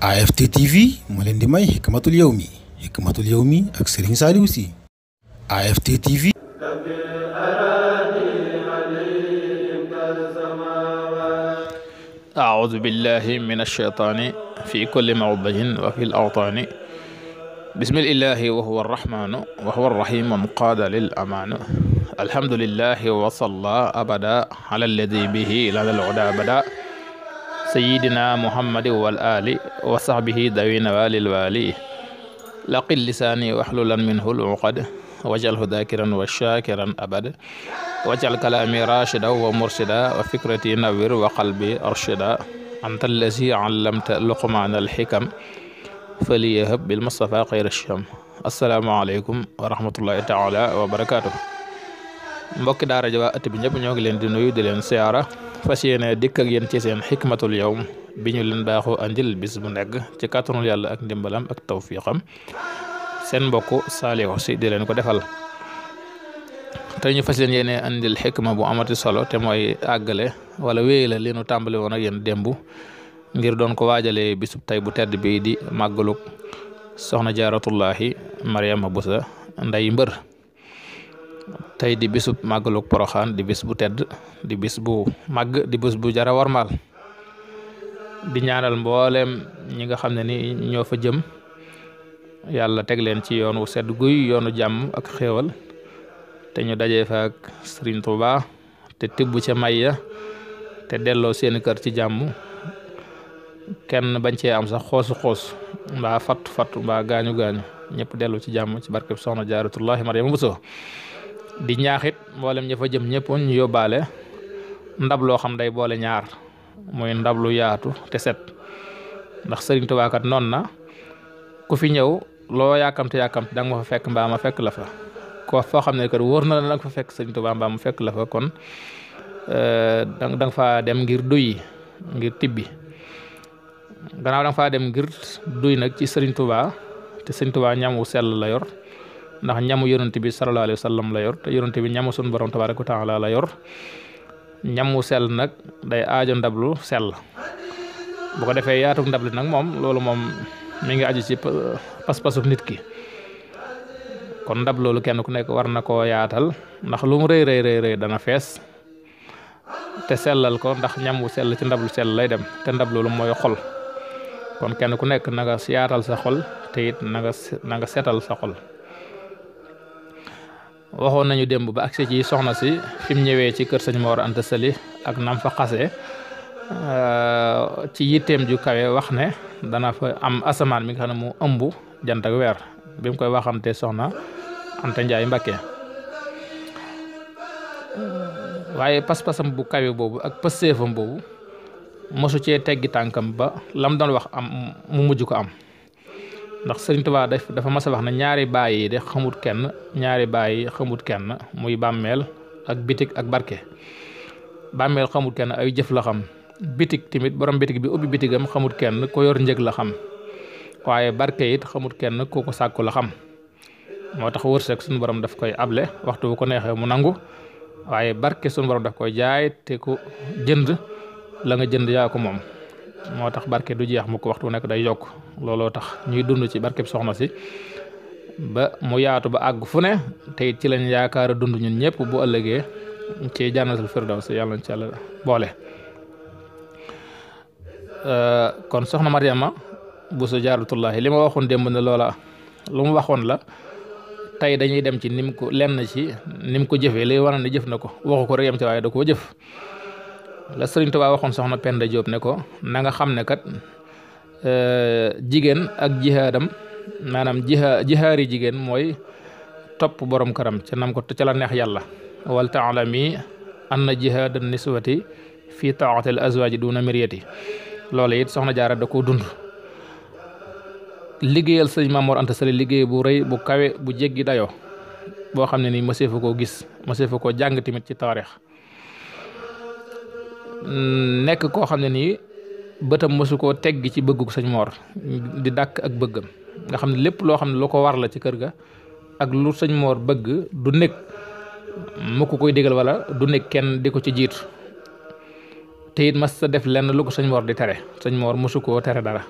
AFT TV moo leen di may Hikmatul Yawmi Hikmatul Yawmi ak Serigne Saliou Sy AFT TV أعوذ بالله من الشيطان في كل موضع وفي الأوطان بسم الله وهو الرحمن وهو الرحيم ومقاد للأمان الحمد لله وصلى أبدا على الذي به لدى العدا بدا sayidina muhammadi wal ali wa sahbihi dawina walil wali laqil lisaani waxlulan minhu luqad wajalhu dakiran wa shakiran abad wajal kalaami rashida wa mursida wa fikrati nawir wa qalbi arshida anta allazi allamta luqmaana alxikam faliyahab bil mustafa xayra sham asalaamaaleykum wa rahmatullahi taala wa barakaatu mbokki daara ja waa at bi ñëpp ñoo ngi leen di nuyu di leen siyaara fas yéene dikk ak yéen ci seen xikmatul yawm bi ñu leen baaxoo andil bis bu nekk ci kàttanul yàlla ak ndimbalam ak tawfiqam seen mbokk Saliou Sy di leen ko defal te ñu fas leen yéene andil xikma bu amati solo te mooy àggale wala wéy la li nu tàmbali woon ak ngir doon ko waajale bisub tey bu tedd bi di màggalug soxna jaaratullahi Mariama Busa nday mbër tey di bisub màggaluk poroxaan di bis bu tedd di bis bu màgg di bis bu jara warmaal di ñaanal mbooleem ñi nga xam ne ni ñoo fa jëm yàlla teg leen ci yoon wu sedd guy yoonu jàmm ak xéewal te ñu dajee fa ak Sëriñ te tibb ca may te delloo seeni kër ci jàmm kenn bañ cee am sax xoosu xoos mbaa fatt fatt mbaa gaañu gaañu ñëpp delloo ci jàmm ci barkeb soxna jaaratullahi Mariama Bousso di ñaaxit mboolem ña fa jëm ñëpp ñu yóbbaale ndab loo xam day boole ñaar mooy ndab lu yaatu te set ndax Sëriñ Tuubaa kat noonu na ku fi ñëw loo yàkkamte yàkkamte danga ma fa fekk mbaa ma fekk la fa ko foo xam ne kat wóor na la danga fa fekk Sëriñ mu fekk la fa kon euh, danga danga faa dem ngir duy ngir tibbi gannaaw danga faa dem ngir duy nag ci Sëriñ Tuubaa te Sëriñ Tuubaa ñam wu sell la yor ndax ñamu yonent bi sallallahu alayhi wa la yor te yonent bi ñamu sun borom tabaaraka wa taala la yor sel nag day aajo ndablu sel bu ko defee yaatug ndabli nag moom loolu moom mi ngi aju ci pas-pasub nit ki kon ndab loolu kenn ku nekk war na koo yaatal ndax lu mu rëy rëy rëy dana fees te sellal ko ndax ñam wu sell ci ndab lu sell lay dem te ndab loolu mooy xol kon kenn ku nekk na nga yaatal sa xol te it na nga na nga setal sa xol waxoon nañu démb ba agsi ci soxna si fi mu ñëwee ci kër sëñ Mor Anta Sali ak nam fa xase euh, ci yitteem ju kawe wax ne dana fa am asamaan mi nga xam ne mu ëmb jant ak weer bi mu koy waxante soxna Anta Njaay Mbakke waaye pas-pasam bu kawe boobu ak pësteefam boobu mosu cee teggi tànkam ba lam doon wax am mu mujj ko am ndax Sëriñ Tuubaa dafa mas a wax ne ñaari baay yi de xamut kenn ñaari baay yi xamut kenn muy bàmmeel ak bitig ak barke bàmmeel xamut kenn ay jëf la xam bitig tamit borom bitig bi ubbi bitigam xamut kenn ko yor njëg la xam waaye barke it xamut kenn ku ko sàkku la xam moo tax wërsëg suñu borom daf koy able waxtu ko neexee mu nangu waaye barke suñu borom daf koy jaay te ko jënd la nga jënd yaa ko moom moo tax barke du jeex mu ko waxtu nekk day yokk looloo tax ñuy dund ci barkeb soxna si ba mu yaatu ba àgg fu ne te ci lañ yaakaar a dund ñun ñëpp bu ëllëgee ci jannatul firdaws yàlla na ci yàlla boole kon soxna Mariama Bousso Jaaratullaahi li ma waxoon démb na loola lu waxoon la tey dañuy dem ci nim ko lenn ci nim ko jëfee lay wane jëf na ko waxu ko rek da koo jëf la Sëriñ Tuubaa waxoon soxna Penda Diop ne ko na nga xam ne kat euh, jigéen ak jihaadam maanaam jiha jihaari jigéen mooy topp boroom këram ca nam ko ca la neex yàlla wal taalami anna jihaada niswati fii taati du na duna miriyati loola it soxna jaara da koo dund liggéeyal sëñ Mamoor Anta Sali liggéey bu rëy bu kawe bu jéggi dayoo boo xam ne nii mëseefu koo gis mëseefu koo jàng tamit ci taarix nekk koo xam ne nii bëtam mosu koo tegg ci bëggug sëñ moor di dàkk ak bëggam nga xam ne lépp loo xam ne lu ko war la ci kër ga ak lu sëñ Mor bëgg du nekk mu koy digal wala du nekk kenn di ko ci jiitu te it mas sa def lenn lu ko sëñ Mor di tere sëñ moor mosu koo tere dara.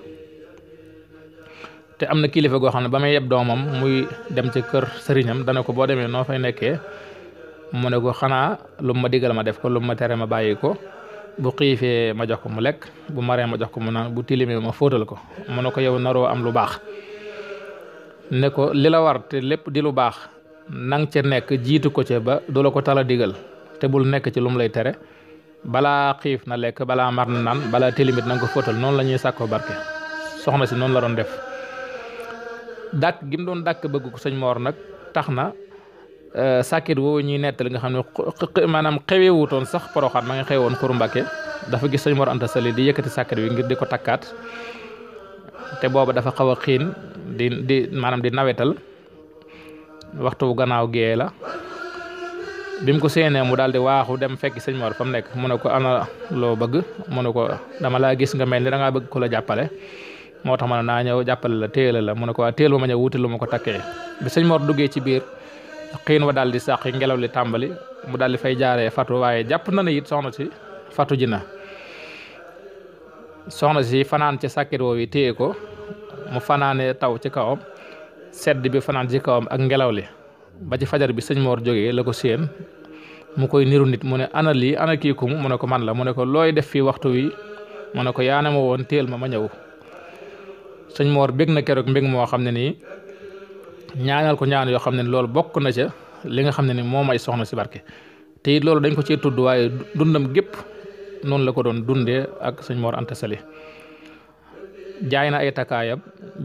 te am na kilifa goo xam ne ba may yeb doomam muy dem ca kër sëriñam dana ko boo demee noo fay nekkee mu ne ko xanaa lu ma digal ma def ko lu ma tere ma bàyyi ko. bu xiifee ma jox ko mu lekk bu maree ma jox ko mu naan bu tilimee ma fóotal ko mu ne ko yow naroo am lu baax ne ko li la war te lépp di lu baax nang ca nekk jiitu ko ca ba du la ko tala digal te bul nekk ci lu lay tere balaa xiif na lekk balaa mar na naan balaa tilimit nanga ko fóotal noonu la ñuy sàkkoo barke soxna si noonu la doon def dàq gi doon dàkk bëgg ko sëñ Moor nag tax na Euh, sàkkit woowu ñuy nettali nga xam ne maanaam xewee wutoon sax poroxaan ma nga xewoon Kour Mbacke dafa gis sëñ Mor Anta Sali di yëkkati sàkkit bi ngir di ko takkaat te booba dafa xaw a xiin di di maanaam di nawetal waxtu gannaaw gee la bi mu ko séenee mu daal di waaxu dem fekk sëñ Mor fa mu nekk mu ne ko ana loo bëgg mu ne ko dama laa gis nga mel ni da ngaa bëgg ko la jàppale moo tax ma ne naa ñëw jàppale la téela la mu ne ko waa téel ba ma ñëw wuti lu ma ko takkee xiin wa daal di sàq ngelaw li tàmbali mu daal di fay jaaree fatu waaye jàpp na ne it soxna si fatu ji na soxna si fanaan ci sàkkit woowu yi téye ko mu fanaane taw ci kawam sedd bi fanaan ci kawam ak ngelaw li ba ci fajar bi sëñ Mor jógee la ko séen mu koy niru nit mu ne ana lii ana kii kum mu ne ko man la mu ne ko looy def fii waxtu wi mu ne ko yaane ma woon téel ma ma ñëw sëñ Mor bég na keroog mbég moo xam ne nii ñaanal ko ñaan yoo xam ne loolu bokk na ca li nga xam ne ni moom may soxna si barke te it loolu dañ ko cee tudd waaye dundam gépp noonu la ko doon dundee ak sëñ Mor Anta Sali jaay na ay takaayam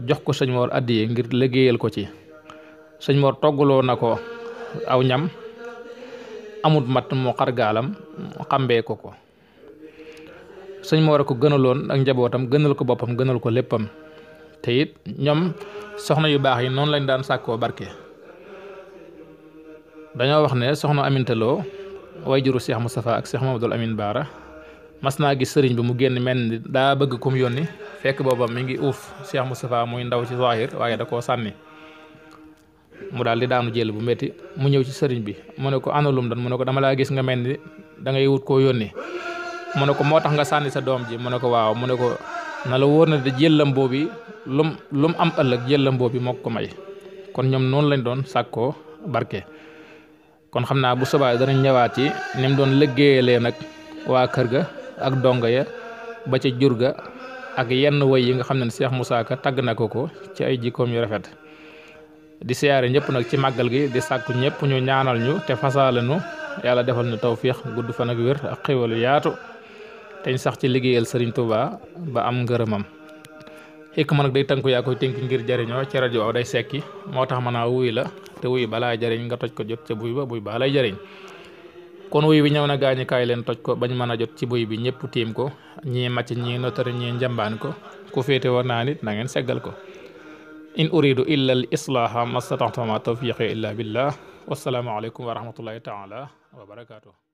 jox ko sëñ Mor addiye ngir liggéeyal ko ci sëñ Mor na ko aw ñam amut matt mu xargaalam xambee ko ko sëñ Mor a ko gënaloon ak njabootam gënal ko boppam gënal ko léppam te it ñoom soxna yu baax yi noonu lañ daan sàkkoo barke dañoo wax ne soxna Aminta Lo wayjuru seex Moustapha ak Cheikh Mamadou Amin Baara mas naa gis sëriñ bi mu génn mel ni daa bëgg kum yónni fekk booba mi ngi uuf Cheikh Moustapha muy ndaw ci zahir waaye da koo sànni mu daal di daanu jël bu métti mu ñëw ci sëriñ bi mu ne ko analum dan mu ne ko dama laa gis nga mel ni da ngay wut koo yónni mu ne ko moo tax nga sànni sa doom ji mu ne ko waaw na la wóor na de jëllam boobu lum lum am ëllëg jëllam boobu moo ko kon ñoom noonu lañ doon sàkkoo barke. kon xam naa bu soobee danañ ñëwaat ci ni mu doon liggéeyalee nag waa kër ga ak dongo ya ba ca jur ga ak yenn woy yi nga xam ne Cheikh Moussa Ka tagg na ko ko ci ay jikkoom yu rafet. di siyaare ñëpp nag ci màggal gi di sàkku ñëpp ñu ñaanal ñu te fasaale nu yàlla defal ñu tawfiix gudd fan ak wér ak xéwal yaatu. teñ sax ci liggéeyal sëriñ Touba ba am ngërëmam xikma nag day tënku yaa koy tënk ngir jariñoo ci rajo waaw day sekki moo tax ma naa wuy la te wuy balaa jariñ nga toj ko jot ca buy ba buy baa lay jariñ kon wuy bi ñaw na gaañu kaay leen toj ko bañ mën a jot ci buy bi ñëpp tiim ko ñii màcc ñii notari ñii njambaan ko ku féete war naa nit nangeen seggal ko in uridu illa al islaaha mastata'tu ma tawfiqi illa billah wassalaamu aleykum wa